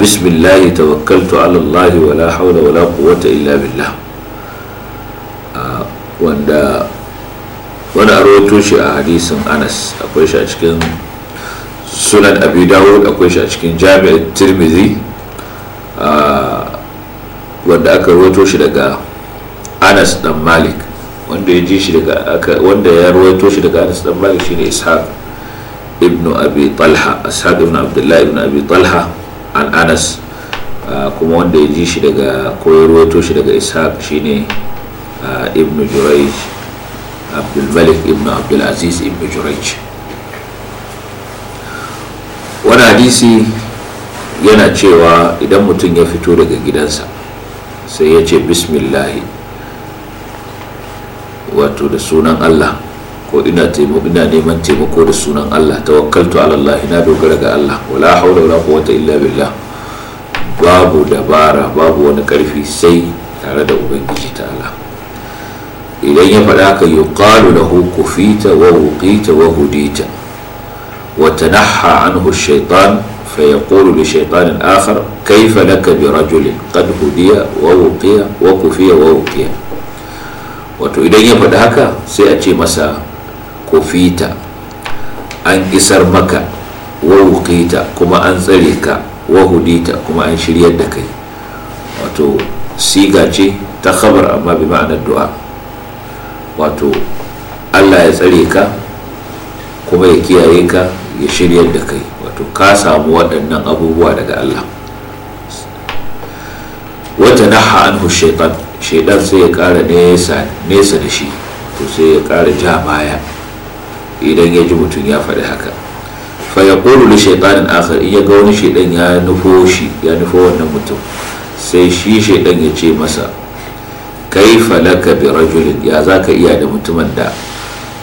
bismillahi tawakkaltu ala Allah wala haula wala illa billah ah, wanda wani a rawaito a hadisin Anas akwai shi a cikin sunan Abi Dawud akwai shi a cikin Jami'at Tirmidhi ah, wanda aka rawaito shi daga Anas dan Malik wanda ya ji shi daga wanda ya rawaito shi Anas dan Malik shine ibn Abi Talha an anas uh, kuma wanda ya ji shi daga ko ya shi daga ishaq shine uh, ibn jurayj abdulmalik ibn abdulaziz ibn juraij wani hadisi yana cewa idan mutum ya fito daga gidansa sai ya ce bismillahi wato da sunan allah ko ina taimako ina neman taimako da sunan Allah tawakkaltu ala Allah na dogara ga Allah wala haula wala quwwata illa billah babu dabara babu wani karfi sai tare da ubangiji ta'ala idan ya faɗa ka yuqalu lahu kufita wa wuqita wa hudita wa tanahha anhu ash-shaytan فيقول لشيطان آخر كيف لك برجل قد هدي ووقي وكفي ووقي wato idan ya faɗi haka sai a ce masa kofita an isar maka wa kuma an tsare ka wa hudita kuma an shiryar da kai wato siga ce ta khabar amma bi ma'anar du'a wato Allah ya tsare ka kuma ya kiyaye ka ya shirya da kai wato ka samu waɗannan abubuwa daga Allah wata an anhu shaitan shaitan sai ya ƙara nesa da shi to sai ya ƙara ja baya idan ya ji mutum ya faɗi haka fa ya ƙoru da shaitanin akhar in ya ga wani shaiɗan ya nufo shi ya nufo wannan mutum sai shi shaiɗan ya ce masa kai falaka bi rajulin ya za ka iya da mutumin da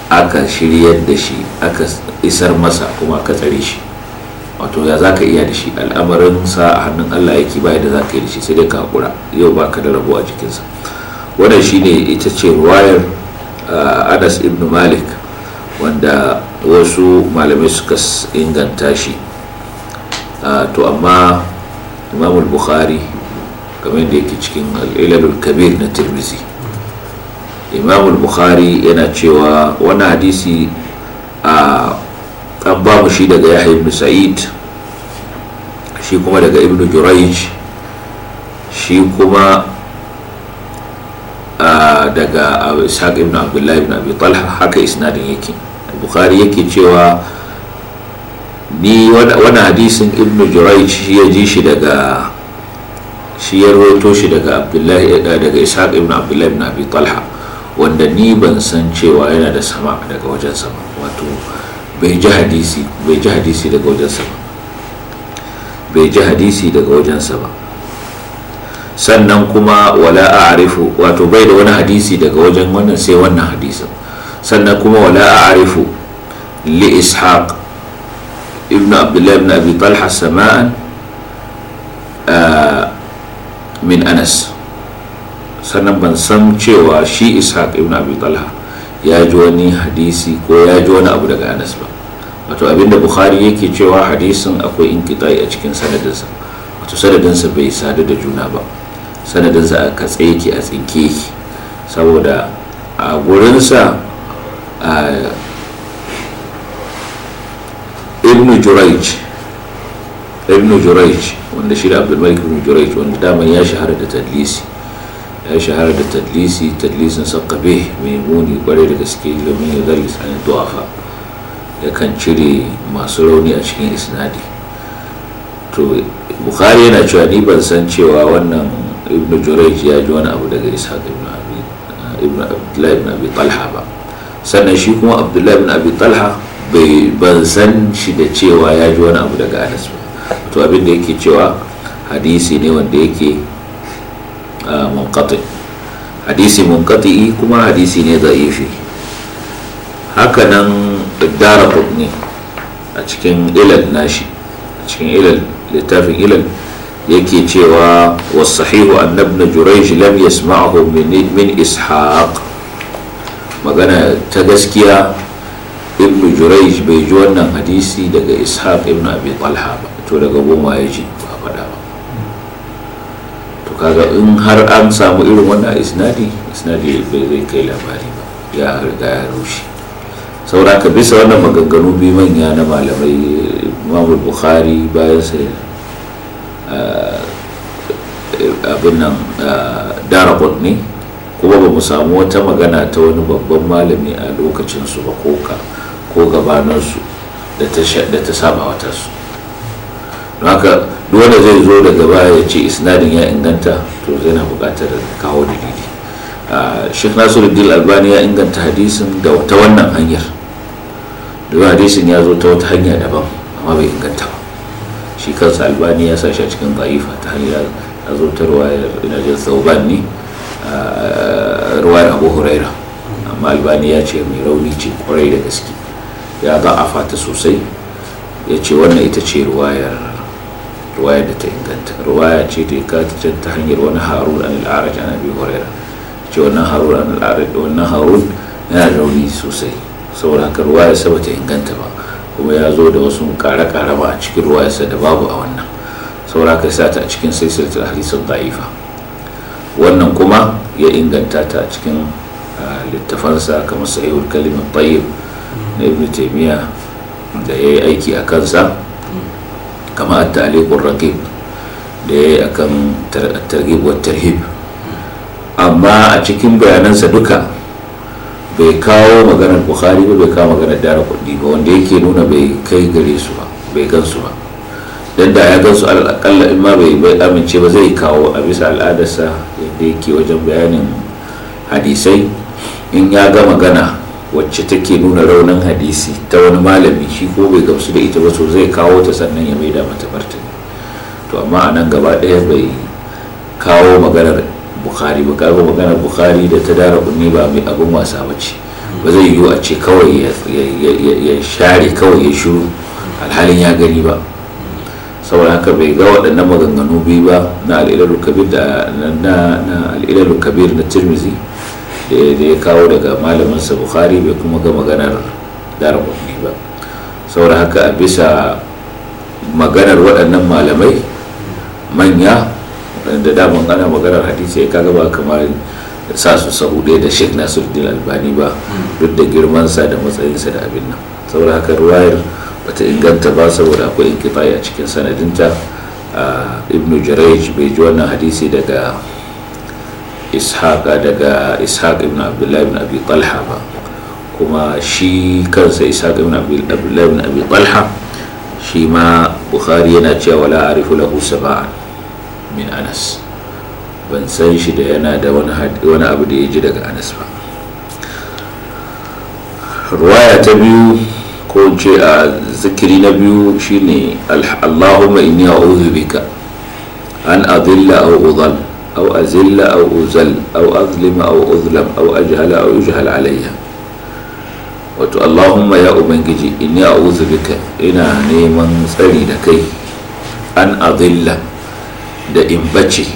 aka shiryar da shi aka isar masa kuma aka tsare shi wato ya za ka iya da shi al'amarin sa a hannun allah yake baya da za ka yi da shi sai dai ka haƙura yau ba ka da rabo a jikinsa wannan shine ita ce ruwayar ah, anas ibn malik wanda wasu malamai suka inganta shi to amma imamul bukhari kamar da yake cikin al'ilalul kabir na tirmizi imamul bukhari yana cewa wani hadisi a an ba mu shi daga yahya ibn sa'id shi kuma daga ibn jurayj shi kuma daga ishaq ibn abdullahi ibn abi talha haka isnadin yake bukhari yake cewa ni wani hadisin ibnu jurayj shi ya ji shi daga shi ya roto shi daga abdullahi eh, daga ishaq ibn abdullahi ibn abi talha wanda ni ban san cewa yana da sama daga wajen sama wato bai ji hadisi bai ji hadisi daga wajen sama bai ji hadisi daga wajen sama sannan kuma wala a a'rifu wato bai da wani hadisi daga wajen wannan sai wannan hadisin sannan kuma wala a'rifu li ishaq ibn abdullah ibn abi talha sama'an min anas sannan ban san cewa shi ishaq ibn abi talha ya ji wani hadisi ko ya ji wani abu daga anas ba wato abinda bukhari yake cewa hadisin akwai inkitai a cikin sanadinsa wato sanadinsa bai sadu da juna ba sanadinsa a katse yake a tsinke yake saboda a gurinsa Eh, ibn jurayj ibn jurayj wanda shi da abdulmalik ibn jurayj wanda daman ya shahara da tadlisi ya shahara da tadlisi tadlisin sakabe mai muni kwarai da gaske domin ya zargi tsanin duwafa ya kan cire masu rauni a cikin isnadi to bukhari yana cewa ni ban san cewa wannan ibn jurayj ya ji wani abu daga ishaq ibn abi ibn abdullahi ibn abi talha ba sannan shi kuma abdullahi bin abi talha bai ban san shi da cewa ya ji wani abu daga anas ba to abin da yake cewa hadisi ne wanda yake munqati hadisi munqati kuma hadisi ne za'ifi. hakanan dara ne a cikin ilal nashi a cikin ilal littafin ilal yake cewa wasu sahihu annabna jurayj lam yasma'ahu min ishaq magana ta gaskiya ibn jurayj bai ji wannan hadisi daga ishaq ibn abi talha ba to daga goma ya ji ba faɗa ba to kaga in har an samu irin wannan isnadi isnadi bai zai kai labari ba ya riga ya rushe saura ka bisa wannan maganganu biyu manya na malamai imam bukhari bayan sai eh, abin nan eh, Darabot ne kuma ba mu samu wata magana ta wani babban malami a lokacinsu ba ko gabaninsu da ta saba wata haka dole zai zo daga baya ya ce isnadin ya inganta to zai na bukatar kawo dalili ah, sheikh nasiruddin albani ya inganta hadisin da ta wannan hanyar domin hadisin ya zo ta wata hanya daban amma bai inganta ba shi kansa albani ya sa shi a cikin ba'ifa ta hanyar azotarwa ya ta ne Eh, ruwayar abu huraira amma albani ya ce mai rauni ce kwarai da gaske ya za a fata sosai ya ce wannan ita ce ruwayar ruwaya da ta inganta ruwaya ce ta ikata ta hanyar wani harun an al'arar jana abi huraira ce wannan harun an al'araj wannan harun yana rauni sosai saboda haka ruwaya saba ta inganta ba kuma ya zo da wasu kare kare ba a cikin ruwayarsa da babu a wannan saboda haka sa ta a cikin silsilatul hadisin da'ifa wannan kuma ya inganta ta a cikin littafansa kamar sahihul kalimin tayyib na ibn taymiya da ya yi aiki a kansa kama a rakib da ya yi a kan wa tarhib amma a cikin bayanansa duka bai kawo maganar bukhari ba bai kawo maganar dara kuɗi ba wanda yake nuna bai kai gare su ba bai gansu ba don da ya gansu al'akalla in ma bai amince ba zai kawo a bisa al'adarsa da yake wajen bayanin hadisai in ya ga magana wacce take nuna raunin hadisi ta wani malami shi ko bai gamsu da ita ba so zai kawo ta sannan ya maida mata martani to amma a nan gaba ɗaya bai kawo maganar bukhari ba kawo maganar bukhari da ta dara kunne ba mai abin wasa ba ce ba zai yiwu a ce kawai ya share kawai ya shuru alhalin ya gani ba saboda haka bai ga waɗannan maganganu biyu ba na al'ilalu kabir da na al'ilalu kabir na tirmizi da ya kawo daga malaminsa bukhari bai kuma ga maganar darabuni ba saboda haka a bisa maganar waɗannan malamai manya da daman ana maganar hadisi ya kaga ba kamar sa su sahu ɗaya da sheikh nasiruddin albani ba hmm. duk da girmansa da matsayinsa da abin nan saboda haka ruwayar bata inganta ba saboda akwai inkitai a cikin sanadinta ibn jurayj bai ji wannan hadisi daga ishaqa daga ishaq ibn abdullahi ibn abi talha ba kuma shi kansa ishaq ibn abdullahi ibn abi talha shi ma bukhari yana cewa la arifu lahu saba'an min anas ban san shi da yana da wani abu da ya ji daga anas ba ruwaya ta biyu ko ce a zikiri na biyu shine allahumma inni a'udhu bika an adilla aw udhal aw azilla aw uzal aw azlima aw uzlam aw ajhala aw yujhal alayya wato allahumma ya ubangiji inni a'udhu bika ina neman tsari da kai an adilla da in bace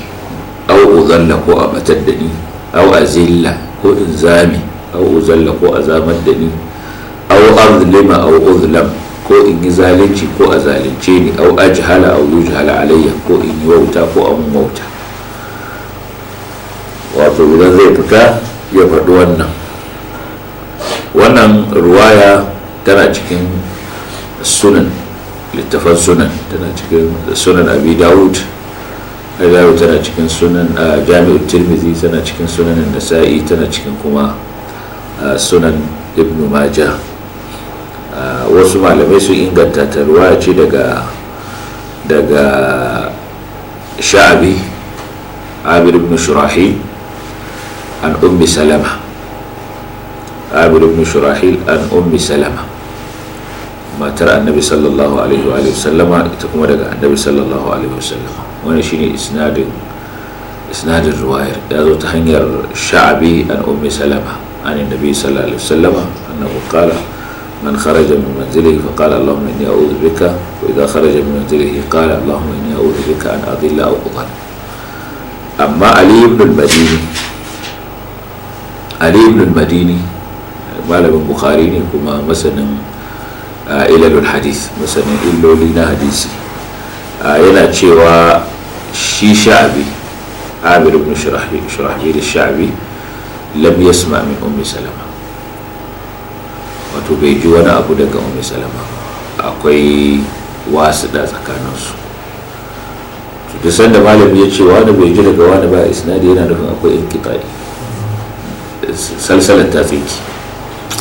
aw udhalla ko a batar da ni aw azilla ko in zame aw uzalla ko a zamar da ni au azlima au uzlam ko in yi zalunci ko a zalunce ni au ajhala au yujhala alayya ko in yi wauta ko a mun wauta wato idan zai fita ya faɗi wannan wannan ruwaya tana cikin sunan littafan sunan tana cikin sunan abi dawud dawo tana cikin sunan a jami'ar tirmidhi tana cikin sunan nasa'i tana cikin kuma sunan ibn majah wasu malamai sun inganta ta ruwaya ce daga daga sha'abi amir ibn shurahil an ummi salama amir ibn shurahil an ummi salama matar annabi sallallahu alaihi wa sallama ita kuma daga annabi sallallahu alaihi wa sallama wani shine isnadin isnadin ruwayar ya zo ta hanyar sha'abi an ummi salama an annabi sallallahu alaihi wa sallama annahu qala من خرج من منزله فقال اللهم إني أعوذ بك وإذا خرج من منزله قال اللهم إني أعوذ بك أن أضل أو أضل أما علي بن المديني علي بن المديني malamin bukhari ne kuma masanin ilalul hadith masanin illoli na hadisi yana cewa shi sha'abi amir ibn shirahbil sha'abi lam yasma min ummi salama wato bai ji wani abu daga umar salama akwai wasu da tsakaninsu duk sanda malami ya ce wani bai ji daga wani ba isnadi yana nufin akwai in kitai salsalar ta tsinki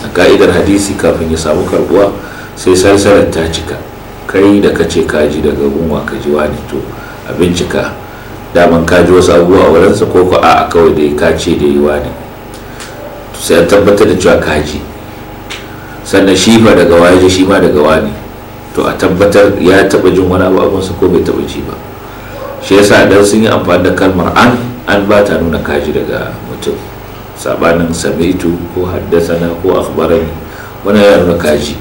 a ka'idar hadisi kafin ya samu karbuwa sai salsalar ta cika kai da ka ce kaji daga gunwa ka ji wani to a bincika daman ka ji wasu abubuwa a wurinsa ko ko a kawai da ka ce da yi wani sai an tabbatar da cewa kaji sannan shi ba daga waye shi ma daga wani to a tabbatar ya taba jin wani abu abunsa ko bai taba ji ba shi yasa dan sun yi amfani da kalmar an an ba ta nuna kaji daga mutum sabanin samitu ko haddasana ko akhbarani wannan ya nuna kaji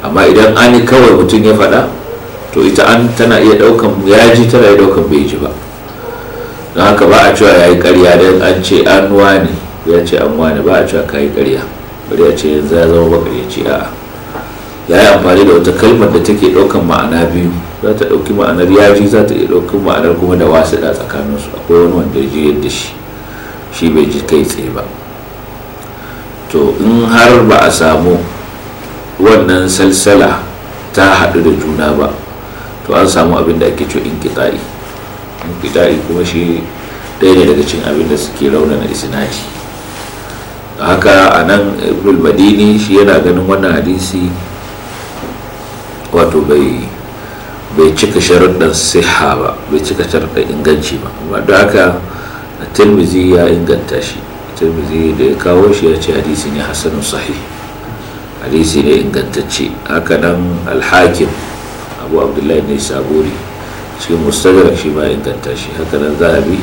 amma idan an kawai mutum ya faɗa to ita an tana iya ɗaukan ya ji tana iya ɗaukan bai ji ba don haka ba a cewa ya yi ƙarya don an ce an wani ya ce an wani ba a cewa ka yi ƙarya bari a ce yanzu ya zama makaryaci a ya yi amfani da wata kalmar da take ɗaukan ma'ana biyu za ta ɗauki ma'anar yaji za ta ɗauki ma'anar kuma da wasu da su akwai wani wanda ji yadda shi shi bai ji kai tsaye ba to in har ba a samu wannan salsala ta haɗu da juna ba to an samu abin da ake cewa inkita'i inkita'i kuma shi ɗaya ne daga cin abin da suke raunana isnadi haka a nan ibnul madini shi yana ganin wannan hadisi wato bai bai cika sharuɗin siha ba bai cika sharuɗin inganci ba amma da haka tirmizi ya inganta shi tirmizi da ya kawo shi ya ce hadisi ne hasanun sahih hadisi ne ingantacce haka nan alhakim abu abdullahi ne saburi cikin mustadrak shi ma inganta shi haka nan zahabi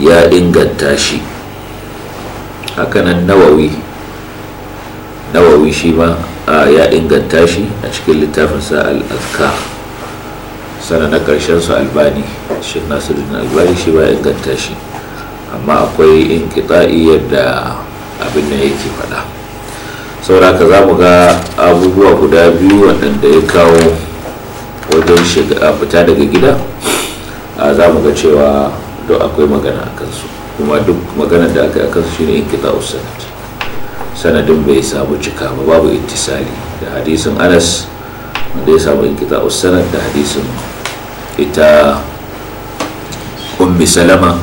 ya inganta shi hakanan nawawi nawawi shi ma ya inganta shi a cikin littafinsa al'adka sana na ƙarshen su albani shi nasirin albani shi ba inganta shi amma akwai in kita'i yadda abin da yake faɗa sauraka za mu ga abubuwa guda biyu waɗanda ya kawo wajen shiga fita daga gida za mu ga cewa don akwai magana a kansu kuma duk maganar da aka yi akan shine kita sanad sanadin bai samu cika ba babu ittisali da hadisin anas wanda ya samu kita sanad da hadisin ita ummi salama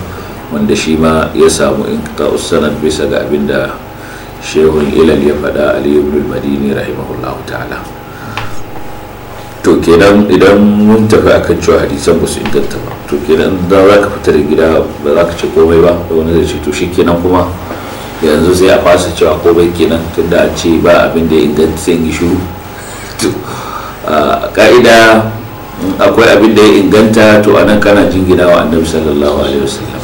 wanda shi ma ya samu in kita sanad bisa ga abinda shehun ilal ya faɗa aliyu ibn madini rahimahullahu ta'ala to kenan idan mun tafi akan cewa hadisan ba su inganta ba to kenan da za ka fita da gida ba za ka ce komai ba da wani zai ce to shi kenan kuma yanzu sai a fasa cewa komai kenan da a ce ba abin da ya inganta sai yi shiru ka'ida akwai abin da ya inganta to a nan kana gida wa annabi sallallahu alaihi wasallam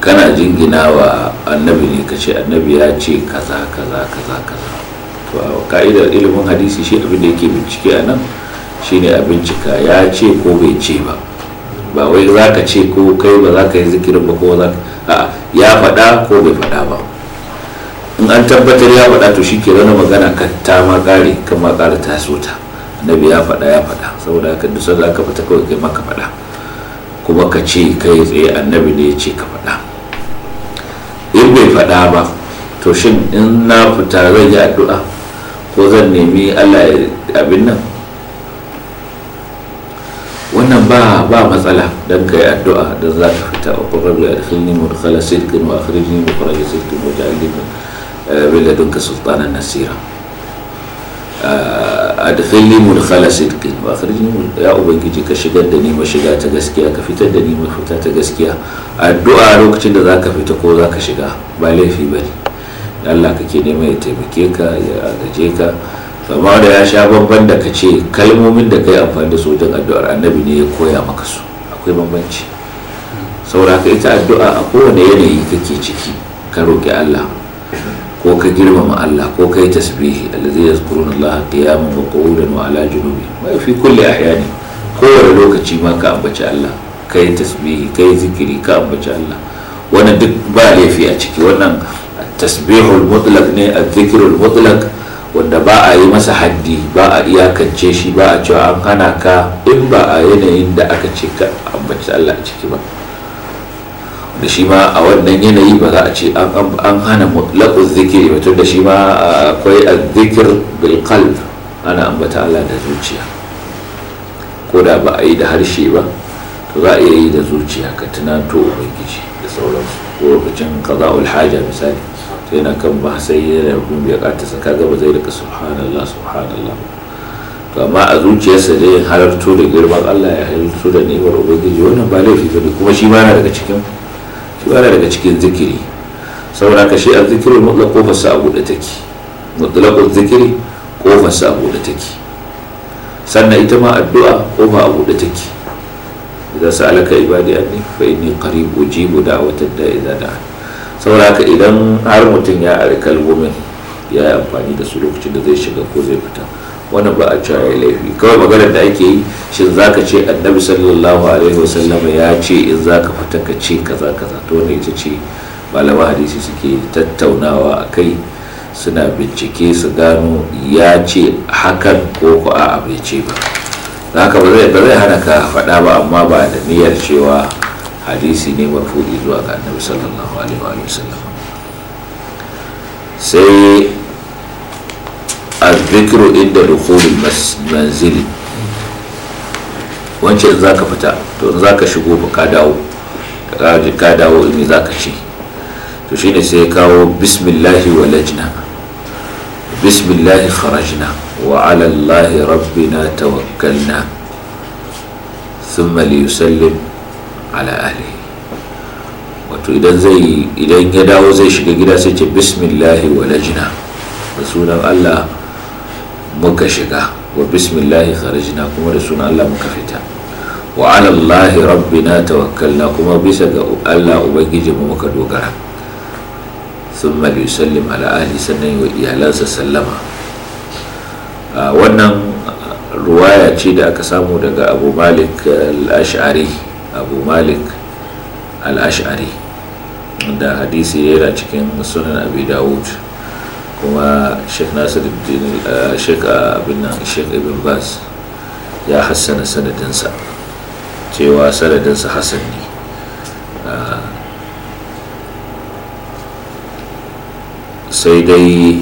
kana gina wa annabi ne ka ce annabi ya ce kaza kaza kaza kaza to a ka'idar ilimin hadisi shi abin da yake bincike a nan shine a bincika ya ce ko bai ce ba ba wai za ka ce ko kai ba za ka yi zikirin ba ko za ka ya faɗa ko bai faɗa ba in an tabbatar ya faɗa to shi ke wani magana ka ta ma ƙare kan ma ƙara taso ta annabi ya faɗa ya faɗa saboda haka duk sanda aka fita kawai kai ma ka faɗa kuma ka ce kai tsaye annabi ne ya ce ka faɗa in bai faɗa ba to shin in na fita zai yi addu'a ko zan nemi allah abin nan wannan ba ba matsala dan ka yi addu'a da za ka fita a da ƙwararru a da mudkhala sidkin wa akhrijni mukhraj sidkin wa ja'alni min ladunka sultanan nasira adkhilni mudkhala sidqin wa akhrijni ya ubangiji ka shigar da ni shiga ta gaskiya ka fitar da ni fita ta gaskiya addu'a lokacin da za ka fita ko za ka shiga ba laifi ne Allah ke nema ya taimake ka ya gaje ka amma da ya sha babban da ka ce kalmomin da ka yi amfani da su wajen addu'ar annabi ne ya koya maka su akwai bambanci saura ka ita addu'a a kowane yanayi kake ciki ka roƙi Allah ko ka girmama Allah ko ka yi tasbihi allazi yazkuruna Allah qiyaman wa da wa ala junubi mai fi ya ne kowane lokaci ma ka ambaci Allah ka yi tasbihi ka yi zikiri ka ambaci Allah wannan duk ba laifi a ciki wannan tasbihul mutlak ne a zikirul mutlak wanda ba a yi masa haddi ba a iyakance shi ba a cewa an hana ka in ba a yanayin da aka ce ka ambaci Allah a ciki ba da shi ma a wannan yanayi ba za a ce an hana mutlaƙun zikiri ba tun da shi ma akwai azzikir bilkal ana ambata Allah da zuciya ko da ba a yi da harshe ba to za a iya yi da zuciya ka tunato ubangiji da sauransu ko lokacin kaza'ul haja misali yana kan ba sai yana hukumi ya katasa kaga ba zai rika subhanallah subhanallah to amma a zuciyarsa da ya halarto da girman Allah ya halarto da ni'imar ubangiji wannan ba laifi bane kuma shi ba na daga cikin shi ma yana daga cikin zikiri saboda ka shi azzikirul mutlaq kofar sa abu da take mutlaqul zikiri kofar sa abu da take sannan ita ma addu'a kofa abu da take idan sa'alaka ibadi anni fa inni qarib ujibu da'watad da'i idza da'ani saboda haka idan har mutum ya ari kalmomin ya yi amfani da su lokacin da zai shiga ko zai fita wani ba a cewa ya laifi kawai maganar da ake yi shin za ka ce annabi sallallahu alaihi wasallama ya ce in za ka fita ka ce kaza kaza to wani ita ce malama hadisi suke tattaunawa a kai suna bincike su gano ya ce hakan ko ko a bai ce ba ka ba zai hana ka faɗa ba amma ba da niyyar cewa hadisi ne marfu'i zuwa ga annabi sallallahu alaihi wa sallam sai azzikiru inda dukhulul manzili wancan in ka fita to in zaka shigo ba ka dawo ka dawo in zaka ce to shine sai kawo bismillahi walajna bismillahi kharajna wa alallahi rabbina tawakkalna thumma ala ahli wato idan zai idan ya dawo zai shiga gida sai ce bismillahi lajina." da sunan Allah muka shiga wa bismillahi kharajina kuma da sunan Allah muka fita wa ala Allah rabbina tawakkalna kuma bisa ga Allah ubangiji mu muka dogara thumma yusallim ala ahli sannan wa iyalansa sallama wannan ruwaya ce da aka samu daga Abu Malik al-Ash'ari abu malik al-ash'ari da hadisi yana cikin sunan abi dawud kuma sheikh nasiruddin eh, sheikh eh, abin ibn bas ya hassana sanadinsa cewa sanadinsa hassan ne ah, sai dai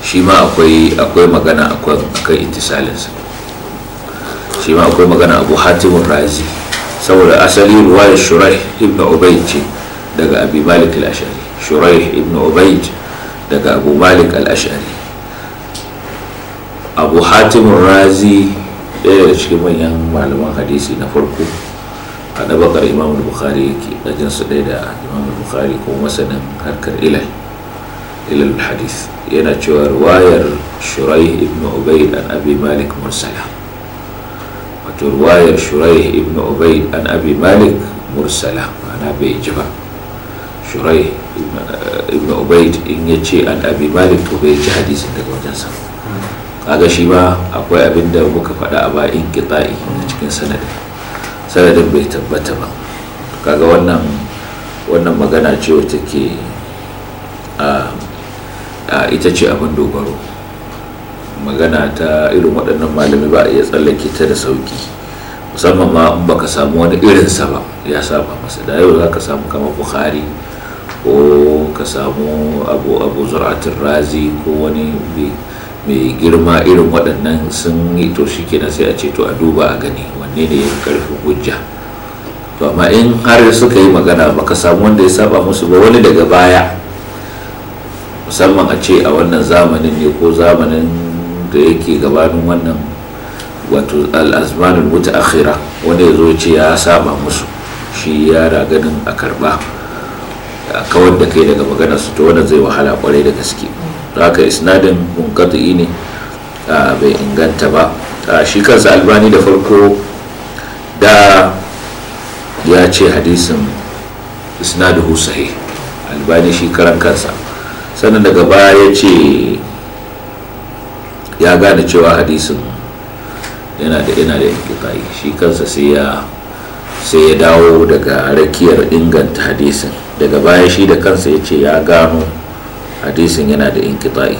shi ma akwai magana akan itisalinsa shi ma akwai magana abu hatimun razi saboda asali ruwayar shurai ibn ubayd ce daga abi malik al-ashari shurai ibn ubayd daga abu malik al-ashari abu hatimun razi ɗaya daga cikin manyan malaman hadisi na farko a na bakar imam bukhari yake ajin su ɗaya da imam bukhari kuma masanin harkar ilal ilal yana cewa ruwayar shurai ibn ubayd an abi malik mursala wato ruwayar shuraih ibn ubaid an abi malik mursala ana bai ji ba shuraih ibn eh, ubaid in ya ce an abi malik to bai ji hadisin daga wajensa kaga shi ba akwai abin da muka faɗa a bayan kita'i a cikin sanadin sanadin bai tabbata ba kaga wannan wannan magana ce wata ke ah, ah, ita ce abin dogaro magana ta irin waɗannan malami ba a iya tsallake ta da sauki musamman ma in baka samu wani irin sa ba ya saba masa da yau za ka samu kamar bukhari ko ka samu abu abu zuratun razi ko wani mai girma irin waɗannan sun yi to shi kenan sai a ce to a duba a gani wanne ne ya karfin hujja to amma in har suka yi magana baka samu wanda ya saba musu ba wani daga baya musamman a ce a wannan zamanin ne ko zamanin da yake gabanin wannan wato al'azmanin mutu akhira wanda ya zo ce ya saba musu shi ya ganin a karba kawar da kai daga maganar su to wannan zai wahala kwarai da gaske haka isnadin munkatu'i ne bai inganta ba shi kansa albani da farko da ya ce hadisin isnaduhu sahih albani shi karan kansa sannan daga baya ya ce ya gane cewa hadisin yana da yana da inkitai shi kansa sai ya sai ya dawo daga rakiyar inganta hadisin daga baya shi da kansa ya ce ya gano hadisin yana da inkitai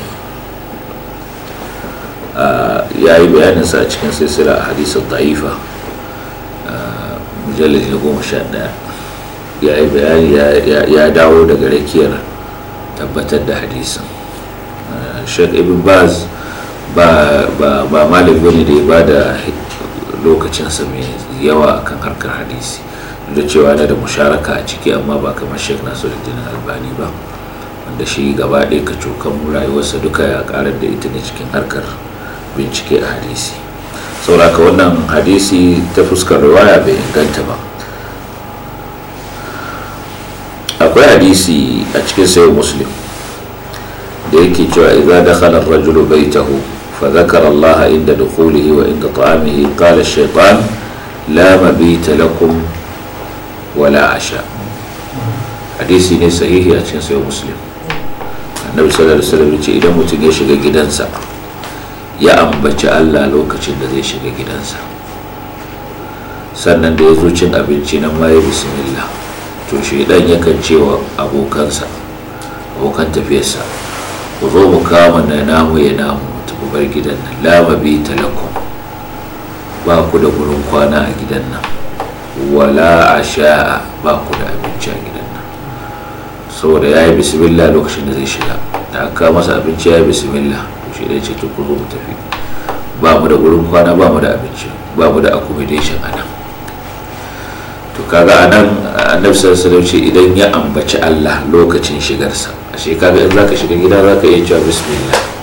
ah, ya yi bayaninsa a cikin silsila a hadisin ta'ifa ah, mujallaji na goma sha ɗaya ya yi bayani ya dawo daga rakiyar tabbatar da hadisin ah, shek ibn baz ba malami wani da ya ba da lokacinsa mai yawa kan harkar hadisi da cewa na da musharaka a ciki amma ba kamar sheik da albani ba wanda shi gaba ɗaya ka cokan rayuwarsa duka ya ƙara da ita ne cikin harkar bincike a hadisi sauraka wannan hadisi ta fuskar riwaya bai inganta ba akwai hadisi a cikin sayo muslim da yake cewa idan dakhala khalar rajulu baitahu فذكر الله عند دخوله وعند طعامه قال الشيطان لا مبيت لكم ولا عشاء hadisi ne sahihi a cikin sayo muslim annabi sallallahu alaihi ce idan mutum ya shiga gidansa ya ambaci allah lokacin da zai shiga gidansa sannan da ya zo cin abinci na ma ya bismillah to shaidan yakan cewa abokansa abokan tafiyarsa ku zo mu kama na namu ya namu bar gidan nan lama bi talakum ba ku da gurin kwana a gidan nan wala a sha ba ku da abinci a gidan nan saboda ya yi bismillah lokacin da zai shiga da aka masa abinci ya yi bismillah to shi dai ce to ku zo mu tafi ba mu da gurin kwana ba mu da abinci ba mu da accommodation a nan to kaga a nan annabi sallallahu alaihi idan ya ambaci Allah lokacin shigarsa ashe kaga in zaka shiga gida zaka yi cewa bismillah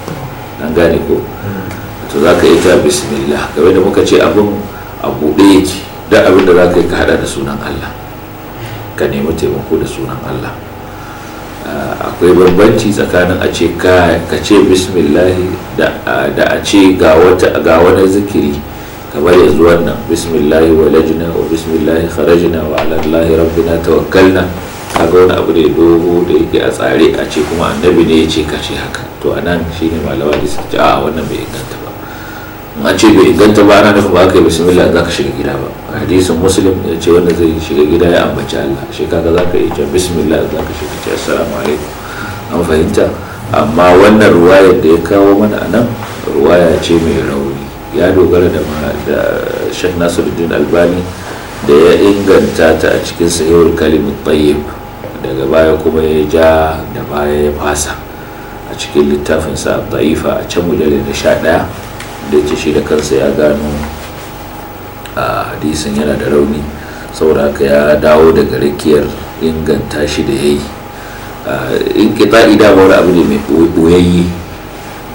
an gane ko to za ka yi ta bismillah game da muka ce abin a buɗe yake da abin da za ka yi ka haɗa da sunan allah ka nemi taimako da sunan allah ah, akwai bambanci tsakanin a ce ka ce bismillah da ah, a ce ga wani zikiri kamar yanzu wannan bismillah walajina wa bismillah kharajina wa alallahi rabbina tawakkalna kaga wani abu da ya dogo da yake a tsare a ce kuma annabi ne ya ce ka haka to a nan shi ne malawa da suke a wannan bai inganta ba a ce bai inganta ba ana nufin ba ka yi bismillah za ka shiga gida ba hadisin muslim ya ce wanda zai shiga gida ya ambaci allah shi kaga za ka yi can bismillah za ka shiga ce assalamu alaikum an fahimta amma wannan ruwayar da ya kawo mana a nan ruwaya ce mai rauni ya dogara da shan nasiruddin albani da ya inganta ta a cikin sahihul kalimat tayyib daga baya kuma ya ja da baya ya fasa a cikin littafinsa da'ifa a can mujallar da sha ɗaya da ya shi da kansa ya gano a hadisin yana da rauni saboda haka ya dawo daga rakiyar inganta shi da ya yi in kita ida wani abu ne mai boyayye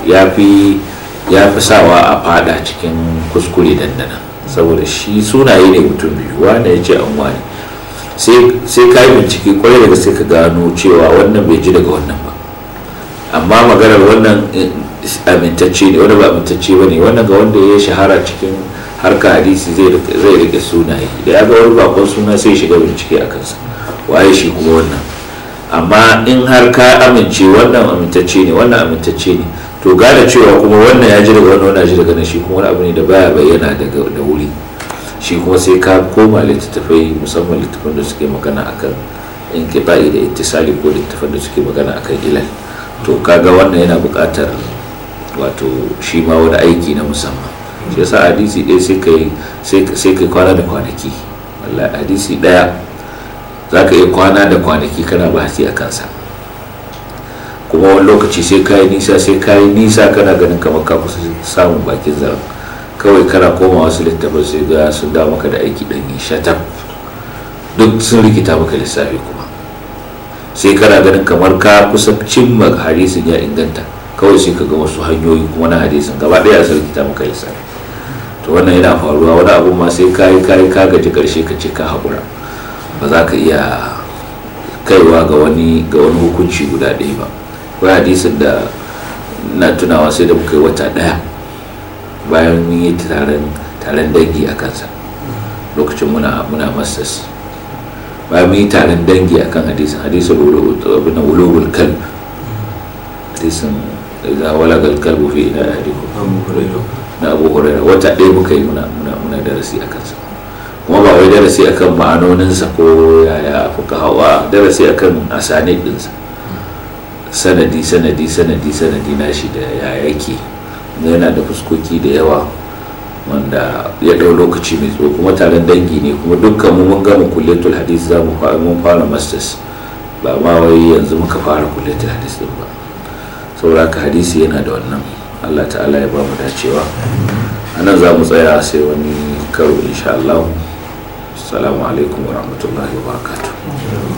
ya fi ya fi sawa a fada cikin kuskure dandana saboda shi sunaye ne mutum biyu wane ya ce an wani sai ka yi bincike kwarai daga sai ka gano cewa wannan bai ji daga wannan ba amma maganar wannan eh, amintacce ne wani ba amintacce ba ne wannan ga wanda ya shahara cikin harka hadisi zai rike sunaye da ya ga wani bakon suna sai shiga bincike a kansa waye shi kuma wannan amma in har ka amince wannan amintacce ne wannan amintacce ne to gane cewa kuma wannan ya ji daga wannan wannan ya ji daga nan shi kuma wani abu ne da baya bayyana daga da wuri shi kuma sai ka koma littattafai musamman littattafan da suke magana akan inkibai da ittisali ko littattafan da suke magana akan ilal to kaga wannan yana buƙatar wato shi ma wani aiki na musamman shi yasa hadisi ɗaya sai kai kwana da kwanaki wallahi hadisi ɗaya za ka yi kwana da kwanaki kana bahasi a kansa kuma wani lokaci sai ka yi nisa sai ka yi nisa kana ganin kamar ka kusa samun bakin zaren kawai kana koma wasu littafin sai ga sun da maka da aiki ɗanyi shatab duk sun rikita maka lissafi kuma sai kana ganin kamar ka kusa cimma hadisin ya inganta kawai sai ka ga wasu hanyoyi kuma na hadisin gaba ɗaya sun rikita maka lissafi to wannan yana faruwa wani abun ma sai yi kayi ka gaji karshe ka ce ka haƙura ba za ka iya kaiwa ga wani wani hukunci guda ɗaya ba kawai hadisin da na tunawa sai da muka yi wata ɗaya bayan mun yi taron dangi a kansa lokacin muna muna masters bayan mun yi taron dangi a kan hadisin hadisin na ulogul kal hadisin da wala galkal bufi ina hadiku na abu hurairu wata ɗaya muka yi muna muna darasi a kansa kuma ba wai darasi akan ma'anoninsa ko yaya fuka hawa darasi akan asani ɗinsa sanadi sanadi sanadi sanadi nashi da ya yake yana da fuskoki da yawa wanda ya ɗau lokaci mai tsawo kuma taron dangi ne kuma dukkan mu mun gama kulletul hadis za mu mun fara masters ba ma wai yanzu muka fara kulletul hadis din ba saboda hadisi yana da wannan Allah ta'ala ya ba mu dacewa a nan za mu tsaya sai wani karo insha Allah assalamu alaikum wa rahmatullahi wa barakatuh